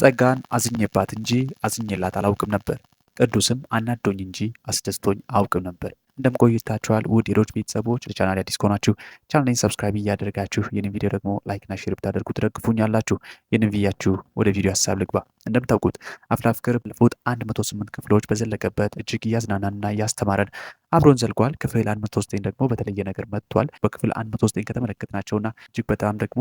ጸጋን አዝኜባት እንጂ አዝኜላት አላውቅም ነበር። ቅዱስም አናዶኝ እንጂ አስደስቶኝ አውቅም ነበር። እንደምቆይታችኋል ውድ የዶች ቤተሰቦች ለቻናል አዲስ ከሆናችሁ ቻናሌን ሰብስክራይብ እያደረጋችሁ ይህንን ቪዲዮ ደግሞ ላይክና ሼር ብታደርጉ ትደግፉኛላችሁ። ይህንን ቪያችሁ ወደ ቪዲዮ ሀሳብ ልግባ። እንደምታውቁት አፍላ ፍቅር ባለፉት 108 ክፍሎች በዘለቀበት እጅግ እያዝናናንና እያስተማረን አብሮን ዘልቋል። ክፍል 109 ደግሞ በተለየ ነገር መጥቷል። በክፍል 109 ከተመለከትናቸውና እጅግ በጣም ደግሞ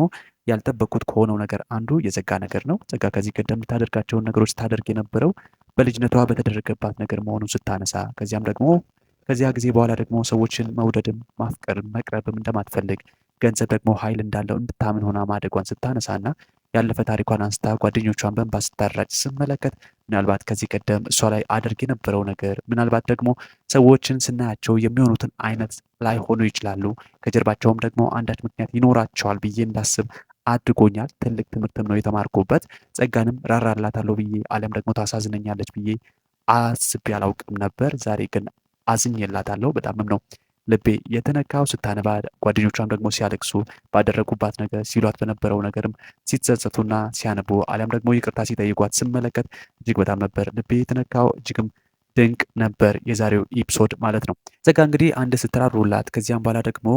ያልጠበቁት ከሆነው ነገር አንዱ የጸጋ ነገር ነው። ጸጋ ከዚህ ቀደም ልታደርጋቸውን ነገሮች ስታደርግ የነበረው በልጅነቷ በተደረገባት ነገር መሆኑን ስታነሳ ከዚያም ደግሞ ከዚያ ጊዜ በኋላ ደግሞ ሰዎችን መውደድም ማፍቀርም መቅረብም እንደማትፈልግ ገንዘብ ደግሞ ኃይል እንዳለው እንድታምን ሆና ማደጓን ስታነሳና ያለፈ ታሪኳን አንስታ ጓደኞቿን በእንባ ስታራጭ ስመለከት ምናልባት ከዚህ ቀደም እሷ ላይ አድርግ የነበረው ነገር ምናልባት ደግሞ ሰዎችን ስናያቸው የሚሆኑትን አይነት ላይ ሆኑ ይችላሉ ከጀርባቸውም ደግሞ አንዳች ምክንያት ይኖራቸዋል ብዬ እንዳስብ አድርጎኛል። ትልቅ ትምህርትም ነው የተማርኩበት። ጸጋንም ራራላታለሁ ብዬ አለም ደግሞ ታሳዝነኛለች ብዬ አስቤ አላውቅም ነበር። ዛሬ ግን አዝኜላታለሁ። በጣምም ነው ልቤ የተነካው ስታነባ፣ ጓደኞቿም ደግሞ ሲያለቅሱ ባደረጉባት ነገር ሲሏት በነበረው ነገርም ሲጸጸቱና ሲያነቡ አሊያም ደግሞ ይቅርታ ሲጠይቋት ስመለከት እጅግ በጣም ነበር ልቤ የተነካው። እጅግም ድንቅ ነበር የዛሬው ኢፕሶድ ማለት ነው። ዘጋ እንግዲህ አንድ ስትራሩላት ከዚያም በኋላ ደግሞ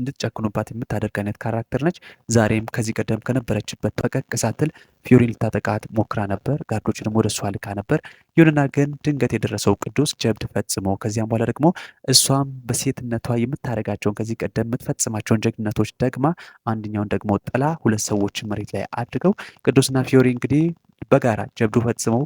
እንድትጨክኑባት የምታደርግ አይነት ካራክተር ነች። ዛሬም ከዚህ ቀደም ከነበረችበት ፈቀቅ ሳትል ፊዮሪ ልታጠቃት ሞክራ ነበር። ጋርዶችንም ወደ እሷ ልካ ነበር። ይሁንና ግን ድንገት የደረሰው ቅዱስ ጀብድ ፈጽሞ ከዚያም በኋላ ደግሞ እሷም በሴትነቷ የምታደርጋቸውን ከዚህ ቀደም የምትፈጽማቸውን ጀግንነቶች ደግማ አንደኛውን ደግሞ ጥላ ሁለት ሰዎችን መሬት ላይ አድርገው ቅዱስና ፊዮሪ እንግዲህ በጋራ ጀብዱ ፈጽመው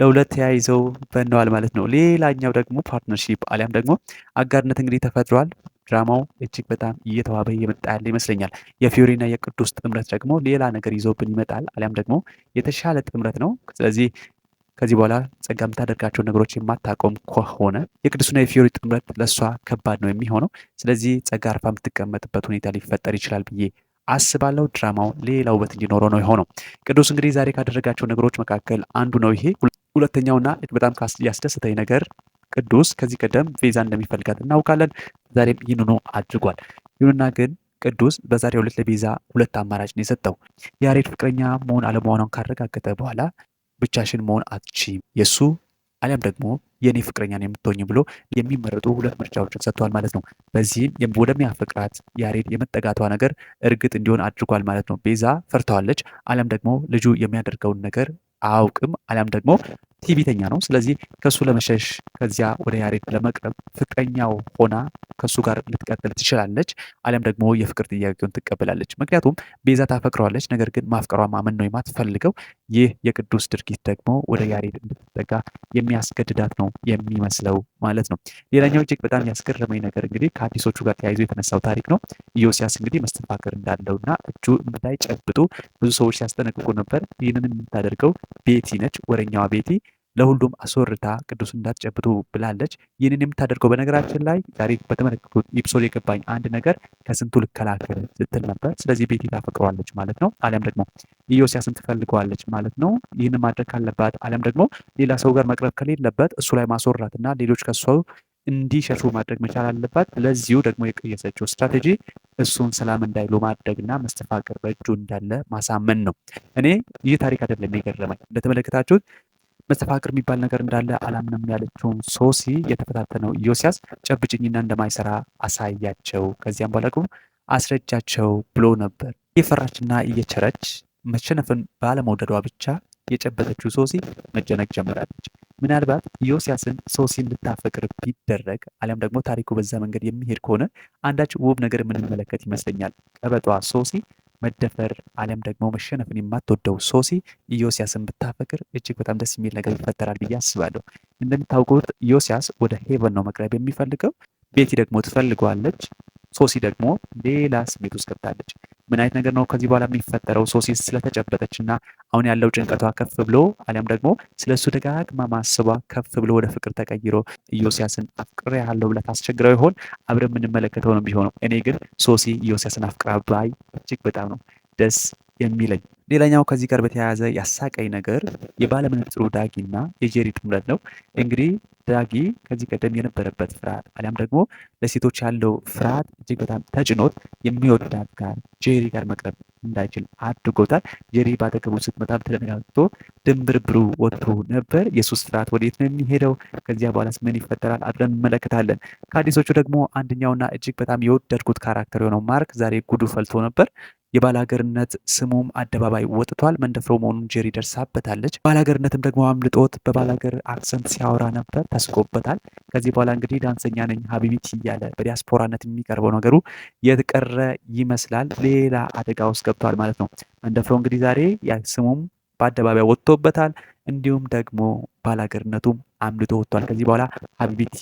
ለሁለት ተያይዘው በነዋል ማለት ነው። ሌላኛው ደግሞ ፓርትነርሺፕ አሊያም ደግሞ አጋርነት እንግዲህ ተፈጥሯል። ድራማው እጅግ በጣም እየተዋበ እየመጣ ያለ ይመስለኛል። የፊዮሪና የቅዱስ ጥምረት ደግሞ ሌላ ነገር ይዞብን ይመጣል፣ አሊያም ደግሞ የተሻለ ጥምረት ነው። ስለዚህ ከዚህ በኋላ ጸጋ የምታደርጋቸው ነገሮች የማታቆም ከሆነ የቅዱስና የፊዮሪ ጥምረት ለእሷ ከባድ ነው የሚሆነው። ስለዚህ ጸጋ አርፋ የምትቀመጥበት ሁኔታ ሊፈጠር ይችላል ብዬ አስባለው ድራማው ሌላ ውበት እንዲኖረው ነው የሆነው። ቅዱስ እንግዲህ ዛሬ ካደረጋቸው ነገሮች መካከል አንዱ ነው ይሄ። ሁለተኛውና በጣም ያስደሰተኝ ነገር ቅዱስ ከዚህ ቀደም ቤዛ እንደሚፈልጋት እናውቃለን። ዛሬም ይህንኑ አድርጓል። ይሁንና ግን ቅዱስ በዛሬው ዕለት ለቤዛ ሁለት አማራጭ ነው የሰጠው። የያሬድ ፍቅረኛ መሆን አለመሆኗን ካረጋገጠ በኋላ ብቻሽን መሆን አትችም፣ የእሱ አሊያም ደግሞ የእኔ ፍቅረኛ ነው የምትሆኝ ብሎ የሚመረጡ ሁለት ምርጫዎችን ሰጥቷል ማለት ነው። በዚህም ወደሚያፈቅራት ያሬድ የመጠጋቷ ነገር እርግጥ እንዲሆን አድርጓል ማለት ነው። ቤዛ ፈርተዋለች፣ አሊያም ደግሞ ልጁ የሚያደርገውን ነገር አያውቅም፣ አሊያም ደግሞ ቲቪተኛ ነው። ስለዚህ ከሱ ለመሸሽ ከዚያ ወደ ያሬድ ለመቅረብ ፍቅረኛው ሆና ከሱ ጋር ልትቀጥል ትችላለች፣ አሊያም ደግሞ የፍቅር ጥያቄውን ትቀበላለች። ምክንያቱም ቤዛ ታፈቅረዋለች፣ ነገር ግን ማፍቀሯ ማመን ነው የማትፈልገው። ይህ የቅዱስ ድርጊት ደግሞ ወደ ያሬድ እንድትጠጋ የሚያስገድዳት ነው የሚመስለው ማለት ነው። ሌላኛው እጅግ በጣም ያስገረመኝ ነገር እንግዲህ ከአዲሶቹ ጋር ተያይዞ የተነሳው ታሪክ ነው። ኢዮስያስ እንግዲህ መስተፋቅር እንዳለውና እጁ እንዳይጨብጡ ብዙ ሰዎች ሲያስጠነቅቁ ነበር። ይህንን የምታደርገው ቤቲ ነች፣ ወረኛዋ ቤቲ ለሁሉም አስወርታ ቅዱስ እንዳትጨብጡ ብላለች። ይህንን የምታደርገው በነገራችን ላይ ዛሬ በተመለከቱት ኢፕሶል የገባኝ አንድ ነገር ከስንቱ ልከላከል ስትል ነበር። ስለዚህ ቤቲ ታፈቅረዋለች ማለት ነው። አሊያም ደግሞ ኢዮስያስን ትፈልገዋለች ማለት ነው። ይህን ማድረግ ካለባት አሊያም ደግሞ ሌላ ሰው ጋር መቅረብ ከሌለበት እሱ ላይ ማስወራት እና ሌሎች ከሷ እንዲሸሹ ማድረግ መቻል አለባት። ለዚሁ ደግሞ የቀየሰችው ስትራቴጂ እሱን ሰላም እንዳይሉ ማድረግና መስተፋቅር በእጁ እንዳለ ማሳመን ነው። እኔ ይህ ታሪክ አይደለም የገረመኝ። እንደተመለከታችሁት መስተፋቅር የሚባል ነገር እንዳለ አላምንም ያለችውን ሶሲ የተፈታተነው ኢዮስያስ ጨብጭኝና እንደማይሰራ አሳያቸው። ከዚያም በኋላ አስረጃቸው ብሎ ነበር። እየፈራችና እየቸረች መሸነፍን ባለመውደዷ ብቻ የጨበጠችው ሶሲ መጨነቅ ጀምራለች። ምናልባት ኢዮስያስን ሶሲ እንድታፈቅር ቢደረግ አሊያም ደግሞ ታሪኩ በዛ መንገድ የሚሄድ ከሆነ አንዳች ውብ ነገር የምንመለከት ይመስለኛል። ቀበጧ ሶሲ መደፈር አሊያም ደግሞ መሸነፍን የማትወደው ሶሲ ኢዮስያስን ብታፈቅር እጅግ በጣም ደስ የሚል ነገር ይፈጠራል ብዬ አስባለሁ። እንደምታውቁት ኢዮስያስ ወደ ሄቨን ነው መቅረብ የሚፈልገው። ቤቲ ደግሞ ትፈልገዋለች። ሶሲ ደግሞ ሌላ ስሜት ውስጥ ገብታለች። ምን አይነት ነገር ነው ከዚህ በኋላ የሚፈጠረው? ሶሲ ስለተጨበጠች እና አሁን ያለው ጭንቀቷ ከፍ ብሎ አሊያም ደግሞ ስለ እሱ ደጋግማ ማስቧ ከፍ ብሎ ወደ ፍቅር ተቀይሮ ኢዮስያስን አፍቅሬ ያለው ብላ ታስቸግረው ይሆን? አብረን የምንመለከተው ነው የሚሆነው። እኔ ግን ሶሲ ኢዮስያስን አፍቅራ ባይ እጅግ በጣም ነው ደስ የሚለኝ። ሌላኛው ከዚህ ጋር በተያያዘ ያሳቀኝ ነገር የባለምንጥሩ ዳጊና የጄሪ ጥምረት ነው እንግዲህ ዳጊ ከዚህ ቀደም የነበረበት ፍርሃት አሊያም ደግሞ ለሴቶች ያለው ፍርሃት እጅግ በጣም ተጭኖት የሚወዳት ጋር ጄሪ ጋር መቅረብ እንዳይችል አድርጎታል። ጄሪ ባጠገቡ ስትመጣም ተደነጋግቶ ድንብርብሩ ወጥቶ ነበር። የሱስ ፍርሃት ወዴት ነው የሚሄደው? ከዚያ በኋላስ ምን ይፈጠራል? አብረን እንመለከታለን። ከአዲሶቹ ደግሞ አንደኛውና እጅግ በጣም የወደድኩት ካራክተር የሆነው ማርክ ዛሬ ጉዱ ፈልቶ ነበር። የባላገርነት ስሙም አደባባይ ወጥቷል። መንደፍሮ መሆኑን ጄሪ ደርሳበታለች። ባላገርነትም ደግሞ አምልጦት በባላገር አክሰንት ሲያወራ ነበር፣ ተስቆበታል። ከዚህ በኋላ እንግዲህ ዳንሰኛ ነኝ ሀቢቢት እያለ በዲያስፖራነት የሚቀርበው ነገሩ የተቀረ ይመስላል። ሌላ አደጋ ውስጥ ገብቷል ማለት ነው። መንደፍሮ እንግዲህ ዛሬ ስሙም በአደባባይ ወጥቶበታል። እንዲሁም ደግሞ ባላገርነቱም አምልቶ ወጥቷል። ከዚህ በኋላ ሀቢቢቲ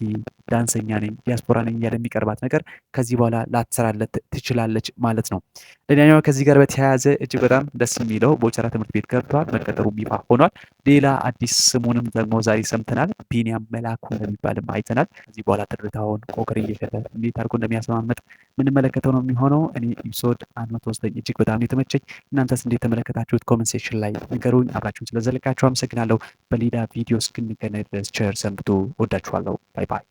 ዳንሰኛ ነኝ፣ ዲያስፖራ ነኝ እያለ የሚቀርባት ነገር ከዚህ በኋላ ላትሰራለት ትችላለች ማለት ነው። ለዳኛዋ ከዚህ ጋር በተያያዘ እጅግ በጣም ደስ የሚለው በወቸራ ትምህርት ቤት ገብቷል፣ መቀጠሩ ይፋ ሆኗል። ሌላ አዲስ ስሙንም ደግሞ ዛሬ ሰምተናል። ቢኒያም መላኩ እንደሚባልም አይተናል። ከዚህ በኋላ ትርታውን ቆቅር እየሸጠ እንዴት አድርጎ እንደሚያስማመጥ የምንመለከተው ነው የሚሆነው። እኔ ኢፕሶድ አንድ መቶ ዘጠኝ እጅግ በጣም የተመቸኝ እናንተስ እንዴት ተመለከታችሁት? ኮመንት ሴክሽን ላይ ንገሩኝ። አብራችሁን ስለዘለቃችሁ አመሰግናለሁ። በሌላ ቪዲዮ እስክንገናኝ ድረስ ቸር ሰንብቶ። ወዳችኋለሁ። ባይ ባይ።